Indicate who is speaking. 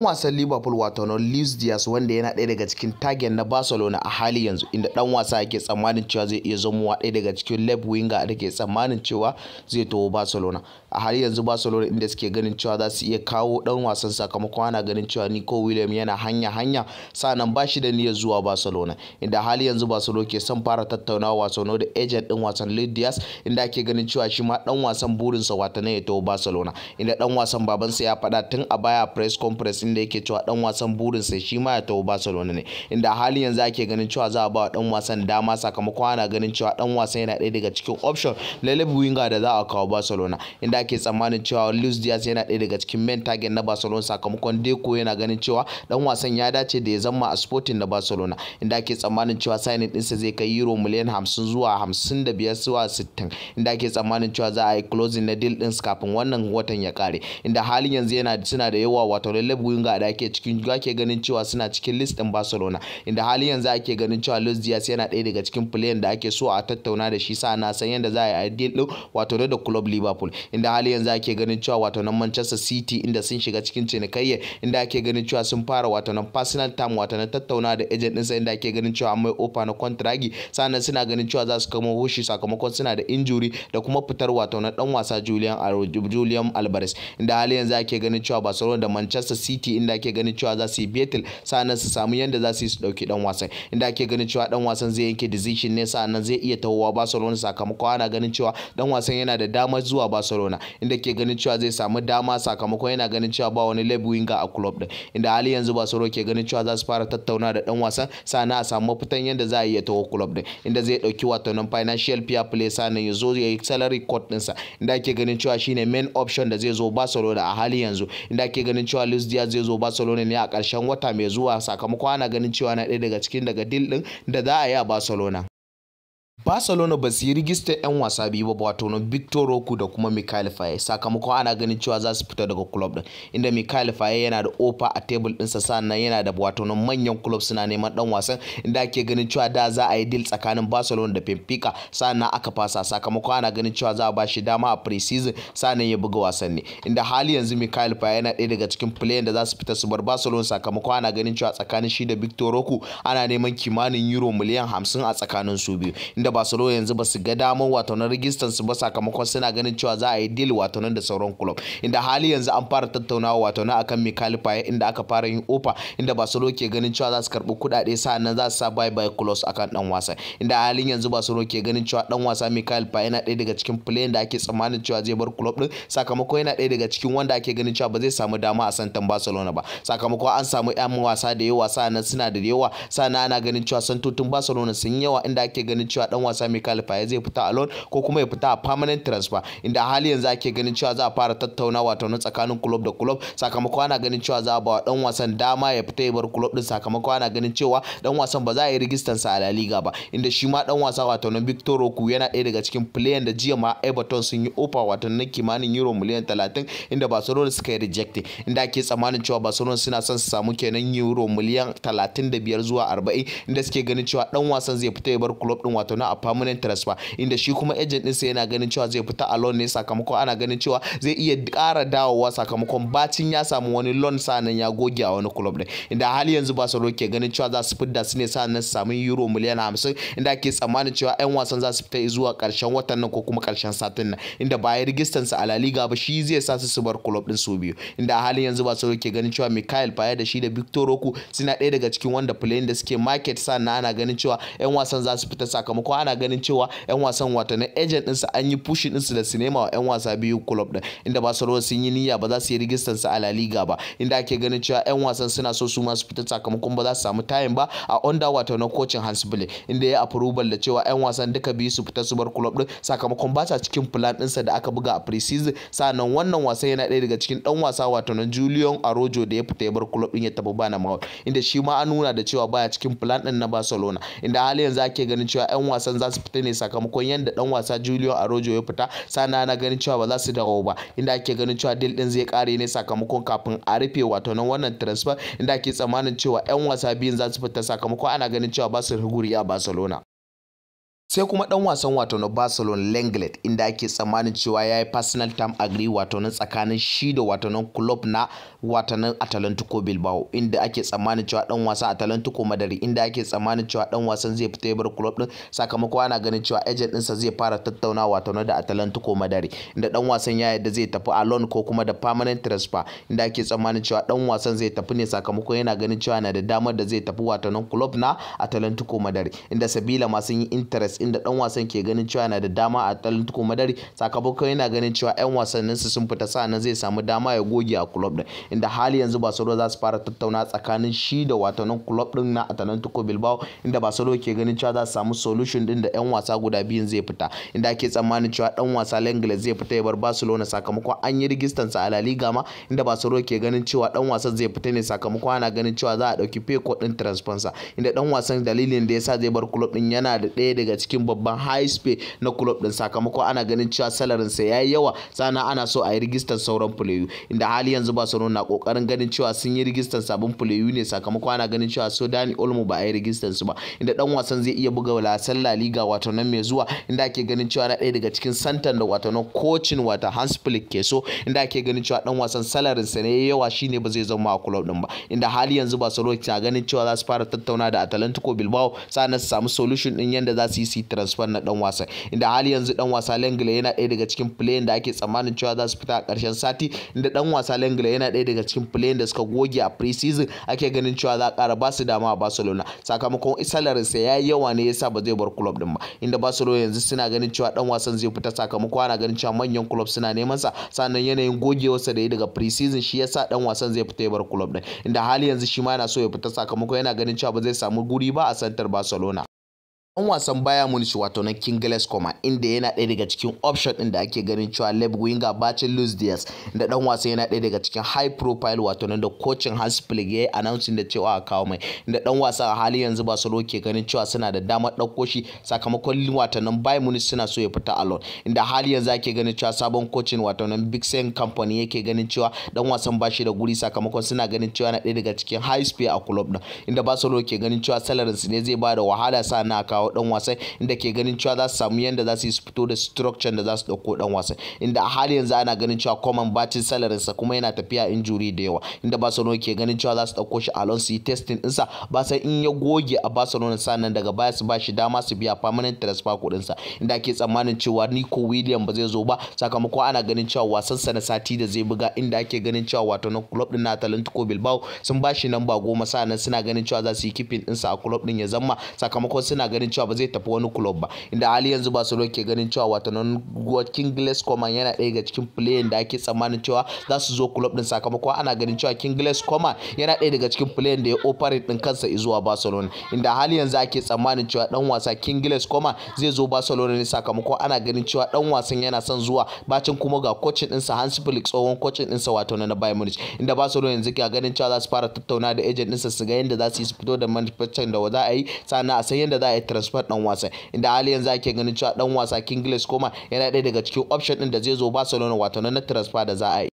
Speaker 1: wasan liverpool wato na luis diaz wanda yana ɗaya daga cikin tagen na barcelona a hali yanzu inda ɗan wasa yake tsammanin cewa zai iya zama wa ɗaya daga cikin left winger da ke tsammanin cewa zai taho barcelona a hali yanzu barcelona inda suke ganin cewa za su iya kawo ɗan wasan sakamakon ana ganin cewa nico william yana hanya hanya sanan ba shi da niyyar zuwa barcelona inda hali yanzu barcelona ke son fara tattaunawa no da agent ɗin wasan luis diaz inda ake ganin cewa shi ma ɗan wasan burinsa wata ne ya taho barcelona inda ɗan wasan babansa ya faɗa tun a baya press conference lokacin da yake cewa dan wasan burin burinsa shi ma ya tawo Barcelona ne inda halin yanzu ake ganin cewa za a ba dan wasan dama sakamakon ana ganin cewa dan wasan yana ɗaya daga cikin option lalle winger da za a kawo Barcelona inda ake tsammanin cewa Luis Diaz yana ɗaya daga cikin main target na Barcelona sakamakon Deco yana ganin cewa dan wasan ya dace da ya zama a Sporting na Barcelona inda ake tsammanin cewa signing ɗinsa zai kai euro miliyan 50 zuwa 55 zuwa 60 inda ake tsammanin cewa za a yi closing na deal ɗin kafin wannan watan ya kare inda halin yanzu yana suna da yawa wato lalle Dunga da ake cikin ake ganin cewa suna cikin list din Barcelona inda hali yanzu ake ganin cewa Luis Diaz yana ɗaya daga cikin player da ake so a tattauna da shi sa na san yadda za a yi deal din wato da club Liverpool inda hali yanzu ake ganin cewa wato nan Manchester City inda sun shiga cikin cinikayya inda ake ganin cewa sun fara wato nan personal time wato na tattauna da agent ɗinsa inda ake ganin cewa mai offer na kontragi sannan suna ganin cewa za su kama hushi sakamakon suna da injuri da kuma fitar wato na dan wasa Julian Julian Alvarez inda hali yanzu ake ganin cewa Barcelona da Manchester City city inda ake ganin cewa za su yi betel sa'annan su samu yadda za su yi su ɗauki dan wasan inda ake ganin cewa dan wasan zai yanke decision ne sa'annan zai iya tahowa Barcelona sakamakon ana ganin cewa dan wasan yana da damar zuwa Barcelona inda ke ganin cewa zai samu dama sakamakon yana ganin cewa ba wani left winger a club din inda hali yanzu Barcelona ke ganin cewa za su fara tattauna da dan wasan sa'annan a samu fitan yadda za a iya taho club din inda zai ɗauki wato nan financial fair play sa'annan ya zo ya yi salary cut dinsa inda ke ganin cewa shine main option da zai zo Barcelona a hali yanzu inda ke ganin cewa Luis Diaz zai zo barcelona ne a ƙarshen wata mai zuwa sakamakon ana ganin cewa na ɗaya daga cikin daga dil ɗin da za a yi a barcelona barcelona ba su yi rigista 'yan wasa biyu ba wato na victor roku da kuma mikael faye sakamakon ana ganin cewa za su fita daga club din inda Mikael faye yana da ofa a table sa sannan yana da wato na manyan club suna neman dan wasan inda ake ganin cewa da za a yi deal tsakanin barcelona da benfica sannan aka fasa sakamakon ana ganin cewa za a ba shi dama a pre-season sannan ya buga wasanni inda hali yanzu mikhail faye yana ɗaya daga cikin player da za su fita su bar barcelona sakamakon ana ganin cewa tsakanin shi da victor roku ana neman kimanin euro miliyan 50 a tsakanin su biyu barcelona yanzu ba su ga damar wato na rigistan su ba sakamakon suna ganin cewa za a yi deal wato nan da sauran club inda hali yanzu an fara tattaunawa wato na akan mikali paye inda aka fara yin ofa inda barcelona ke ganin cewa za su karbi kuɗaɗe sannan za su sa bye bye clause akan dan wasa inda halin yanzu barcelona ke ganin cewa dan wasa mikali paye yana ɗaya daga cikin player da ake tsammanin cewa zai bar club din sakamakon yana ɗaya daga cikin wanda ake ganin cewa ba zai samu dama a santan barcelona ba sakamakon an samu ƴan wasa da yawa sannan suna da yawa sannan ana ganin cewa santutun barcelona sun yawa inda ake ganin cewa dan wasa mai kalifa zai fita a loan ko kuma ya fita a permanent transfer inda hali yanzu ake ganin cewa za a fara tattauna wato na tsakanin club da club sakamakon ana ganin cewa za a ba dan wasan dama ya fita ya bar club din sakamakon ana ganin cewa dan wasan ba za a yi rijistan sa a La Liga ba inda shi ma dan wasa wato na Victor roku yana ɗaya daga cikin player da jiya ma Everton sun yi offer wato na kimanin euro miliyan 30 inda Barcelona suka yi reject inda ake tsammanin cewa Barcelona suna son su samu kenan euro miliyan 35 zuwa 40 inda suke ganin cewa dan wasan zai fita ya bar club din wato na permanent transfer inda shi kuma agent ɗinsa yana ganin cewa zai fita a loan ne sakamakon ana ganin cewa zai iya ƙara dawowa sakamakon bacin ya samu wani loan sanan ya goge a wani club din inda hali yanzu ba Barcelona ke ganin cewa za su fidda su ne sanan su samu euro miliyan hamsin inda ake tsammanin cewa 'yan wasan za su fita zuwa ƙarshen watan nan ko kuma ƙarshen satin nan inda ya rigistan sa a La Liga ba shi zai sa su su bar club din su biyu inda a halin yanzu Barcelona ke ganin cewa Mikael Payet da shi da Victor Roku suna ɗaya daga cikin wanda playing da suke market sanan ana ganin cewa 'yan wasan za su fita sakamakon ana ganin cewa yan wasan wata na agent ɗinsa an yi pushin ɗinsu da sinema wa yan wasa biyu club ɗin inda Barcelona sun yi niyya ba za su yi rigistan su a La Liga ba inda ake ganin cewa yan wasan suna so su ma su fita sakamakon ba za su samu time ba a onda wata na kocin Hans inda ya approval da cewa yan wasan duka biyu su fita su bar club din sakamakon ba sa cikin plan ɗinsa da aka buga a pre-season sannan wannan wasan yana ɗaya daga cikin dan wasa wato na Julian Arojo da ya fita ya bar club ɗin ya tafi bana mawar inda shi ma an nuna da cewa baya cikin plan din na Barcelona inda hali yanzu ake ganin cewa yan wasan za su fita ne sakamakon yadda dan wasa Julio Arojo ya fita sana na ganin cewa ba za su dawo ba inda ake ganin cewa dil din zai kare ne sakamakon kafin a rufe wato nan wannan transfer inda ake tsammanin cewa yan wasa biyun za su fita sakamakon ana ganin cewa ba su guri a Barcelona sai kuma dan wasan wato na barcelona lenglet inda ake tsammanin cewa ya yi personal time agree wato na tsakanin shi da wato na club na wato na atalantico bilbao inda ake tsammanin cewa dan wasan atalantico madari inda ake tsammanin cewa dan wasan zai fita bar club din sakamakon ana ganin cewa agent ɗinsa zai fara tattauna wato na da atalantico madari inda dan wasan ya yadda zai tafi a loan ko kuma da permanent transfer inda ake tsammanin cewa dan wasan zai tafi ne sakamakon yana ganin cewa yana da damar da zai tafi wato na club na atalantico madari inda sabila ma sun yi interest inda dan wasan ke ganin cewa yana da dama a Atletico Madrid sakamakon yana ganin cewa 'yan wasanninsu sun fita sa sa'annan zai samu dama ya goge a club din inda hali yanzu Barcelona za su fara tattauna tsakanin shi da watanin club din na Atletico Bilbao inda Barcelona ke ganin cewa za su samu solution din da 'yan wasa guda biyun zai fita inda ake tsammanin cewa dan wasa Lenglet zai fita ya bar Barcelona sakamakon an yi rigistan sa a La Liga ma inda Barcelona ke ganin cewa dan wasan zai fita ne sakamakon ana ganin cewa za a dauki Peko din transfer inda dan wasan dalilin da yasa zai bar club din yana da ɗaya daga cikin cikin babban high pay na club din sakamako ana ganin cewa salarin sa yayi yawa sana ana so a yi rigistar sauran playu inda hali yanzu Barcelona na kokarin ganin cewa sun yi rigistar sabon playu ne sakamako ana ganin cewa so Dani Olmo ba a yi rigistar su ba inda dan wasan zai iya buga wasan La Liga wato nan mai zuwa inda ake ganin cewa na ɗaya daga cikin santan da wato na coaching wato Hans Flick ke so inda ake ganin cewa dan wasan salarin sa ne yawa shine ba zai zama a club din ba inda hali yanzu Barcelona na ganin cewa za su fara tattauna da Atletico Bilbao sannan su samu solution din yanda za su yi su transfer na dan wasa inda hali yanzu dan wasa Lengle yana ɗaya daga cikin playin da ake tsammanin cewa za su fita a ƙarshen sati inda dan wasa Lengle yana ɗaya daga cikin playin da suka goge a pre-season ake ganin cewa za a ƙara ba su dama a Barcelona sakamakon salarin sa yayi yawa ne yasa ba zai bar club din ba inda Barcelona yanzu suna ganin cewa dan wasan zai fita sakamakon ana ganin cewa manyan club suna neman sa sannan yanayin gogewarsa da ya daga pre-season shi yasa dan wasan zai fita ya bar club din inda hali yanzu shi ma yana so ya fita sakamakon yana ganin cewa ba zai samu guri ba a santar Barcelona an wasan baya munici wato na king Koma inda yana ɗaya daga cikin option ɗin da ake ganin cewa lab winger bacin Luis Diaz da ɗan wasan yana ɗaya daga cikin high profile wato nan da coaching Hans ya yi announcing da cewa a kawo mai da ɗan wasa a halin yanzu ba su ke ganin cewa suna da damar ɗauko shi sakamakon wato nan Bayern Munich suna so ya fita alone inda hali yanzu ake ganin cewa sabon coaching wato nan sen company yake ganin cewa dan wasan ba shi da guri sakamakon suna ganin cewa na ɗaya daga cikin high spear a club ɗin inda ba su ke ganin cewa salarin su ne zai ba da wahala sa na kawo kawo dan wasan inda ke ganin cewa za su samu yanda za su yi fito da structure da za su dauko dan wasan inda a hali yanzu ana ganin cewa common batting salary sa kuma yana tafiya injury da yawa inda Barcelona ke ganin cewa za su dauko shi Alonso yi testing sa ba sai in ya goge a Barcelona sannan daga baya su ba shi dama su biya permanent transfer kuɗin sa inda ake tsammanin cewa Nico William ba zai zo ba sakamakon ana ganin cewa wasan sa na sati da zai buga inda ake ganin cewa wato na club din na Atletico Bilbao sun ba shi namba goma sannan suna ganin cewa za su yi keeping sa a club din ya zama sakamakon suna ganin ganin cewa ba zai tafi wani club ba inda hali yanzu Barcelona ke ganin cewa watanon King Glass Coman yana ɗaya daga cikin player da ake tsammanin cewa za su zo club din sakamakon ana ganin cewa King Glass Coman yana ɗaya daga cikin player da ya operate din kansa zuwa Barcelona inda hali yanzu ake tsammanin cewa dan wasa King Glass Coman zai zo Barcelona ne sakamakon ana ganin cewa dan wasan yana son zuwa bacin kuma ga coaching sa Hans Flick tsohon coaching sa wato na Bayern Munich inda Barcelona yanzu ke ganin cewa za su fara tattauna da agent sa su ga yadda za su yi su fito da manufacturing da za a yi sannan a san za a yi transfer dan wasan inda hali yanzu ake ganin cewa dan wasa Kingsley koma yana ɗaya daga cikin option din da zai zo Barcelona wato na transfer da za a yi